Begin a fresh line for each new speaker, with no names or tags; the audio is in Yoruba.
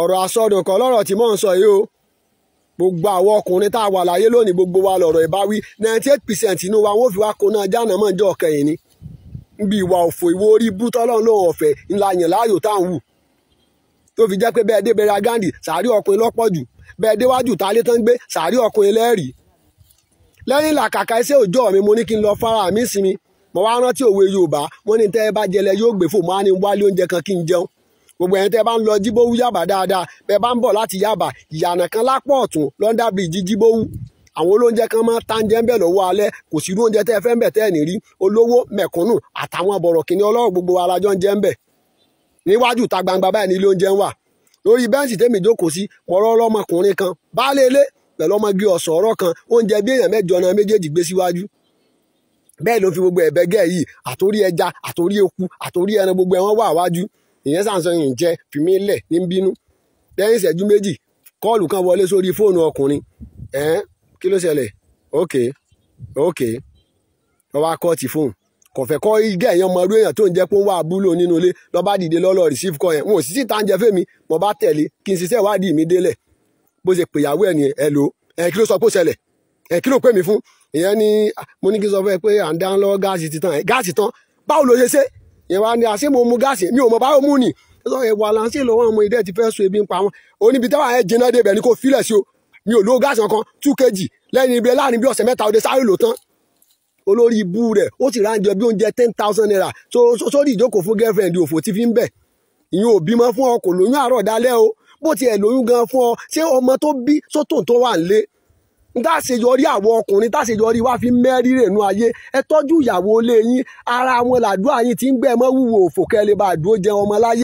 ọ̀rọ̀ àsọdùnkọ́ lọ́rọ̀ tí mò ń sọ yìí o gbogbo àwọn ọkùnrin tá a wà láyé lónìí gbogbo wa lọ̀rọ̀ ìbáwí ninety eight percent inú wa wọ́n fi wá kó náà jáàná mọ́ ìjọ kẹyìn ni nbí ìwà òfò ìwọ orí bútọ́lọ́ fi jẹ́ pé bẹ́ẹ̀ dé agandi sàárì ọkùnrin lọ́pọ̀ jù bẹ́ẹ̀ déwájú tá a lé tán gbé sàárì ọkùnrin lẹ́rìí lẹ́yìn mi mo ní kí n lọ fara mi sinmi mo wá rántí òwe Yorùbá ní tẹ́ ẹ bá yóò gbé fò á oúnjẹ kan kí n gbogbo ẹ̀yin tẹ bá ń lọ jíbówú yàbá dáadáa bẹ́ẹ̀ bá ń bọ̀ láti yàbá ìyànà kan lápò ọ̀tún lọ́ndà bíríjì jíbówú àwọn olóúnjẹ kan máa ń tánjẹ́ ń bẹ̀ lọ́wọ́ alẹ́ kò sí irú oúnjẹ tẹ́ ẹ fẹ́ ń bẹ̀ tẹ́ olówó àtàwọn ọbọrọ kìnìún ọlọrọ gbogbo alájọ ń jẹ́ ń bẹ̀ níwájú ta gbangba báyìí ní ilé oúnjẹ ń wà bẹ́ǹsì jókòó sí kan baálé ilé pẹ̀lú ọmọge ìyẹn sàǹsọ yìí jẹ́ fi mí lẹ̀ ní bínú lẹ́yìn ìṣẹ́jú méjì kọ́ọ̀lù kan wọlé sórí fóònù ọkùnrin ẹ̀ẹ́n kí ló ṣẹlẹ̀ ok ok ọwọ́ akọ́ọ̀tì fóònù kò fẹ́ kọ́ igẹ́ èèyàn mọ irú èèyàn tó ń jẹ́ pé ó ń wá abúlò nínú ilé lọ́ba dìde lọ́lọ́ receive call yẹn wọn ò sì síta ń jẹ fẹ́mi mo bá tẹ̀lé kí n ṣiṣẹ́ ìwádìí mi délẹ̀ bó ṣe pèyàwó ẹ̀ nìyẹn ẹ̀ lò ẹ̀ kí ló sọ pé ó ṣẹlẹ̀ ẹ̀ kí ló pè mí fún ìyẹn ni mo ní kí n sọ fún ẹ pé à ń dáná lọ́wọ́ gáàsì ti gáàsì tán báwo ló ṣe ṣe ìwà ni àṣé mo mu gáàsì mi ò mọ báwo mú ni sọ ìwà là ń ṣe lọ́wọ́ ọmọ ìdẹ́ ti fẹ́ so ebi ń pa wọn oníbi táwọn ẹ̀ jẹná débẹ̀ ni kò filẹ̀ sí o mi ò lo gáàsì kankan two kg lẹ́yìn ibi láàrin bí ọ̀sẹ̀ mẹ́ta òde sáré lò tán olórí ibú rẹ̀ ó sì ráńjọ bí oúnjẹ ten thousand naira sórí ìjókòó fún girlfriend òfò tí fi ń bẹ̀ ìyẹn ò bímọ fún ọ kò lóyún àárọ̀ dálẹ́ o bó tiẹ̀ lóyún gan fún ọ ṣé ọmọ tó bí sótò tó wà ń lé dáṣeyọrí àwọn ọkùnrin dáṣeyọrí wá fi mẹ́rí rèénú ayé ẹ tọ́jú ìyàwó ilé yín ara wọn làdúrà yín ti ń gbẹ̀mọ́ wúwo òfò kẹ́lẹ́ bá àdúró jẹun ọmọ láyé.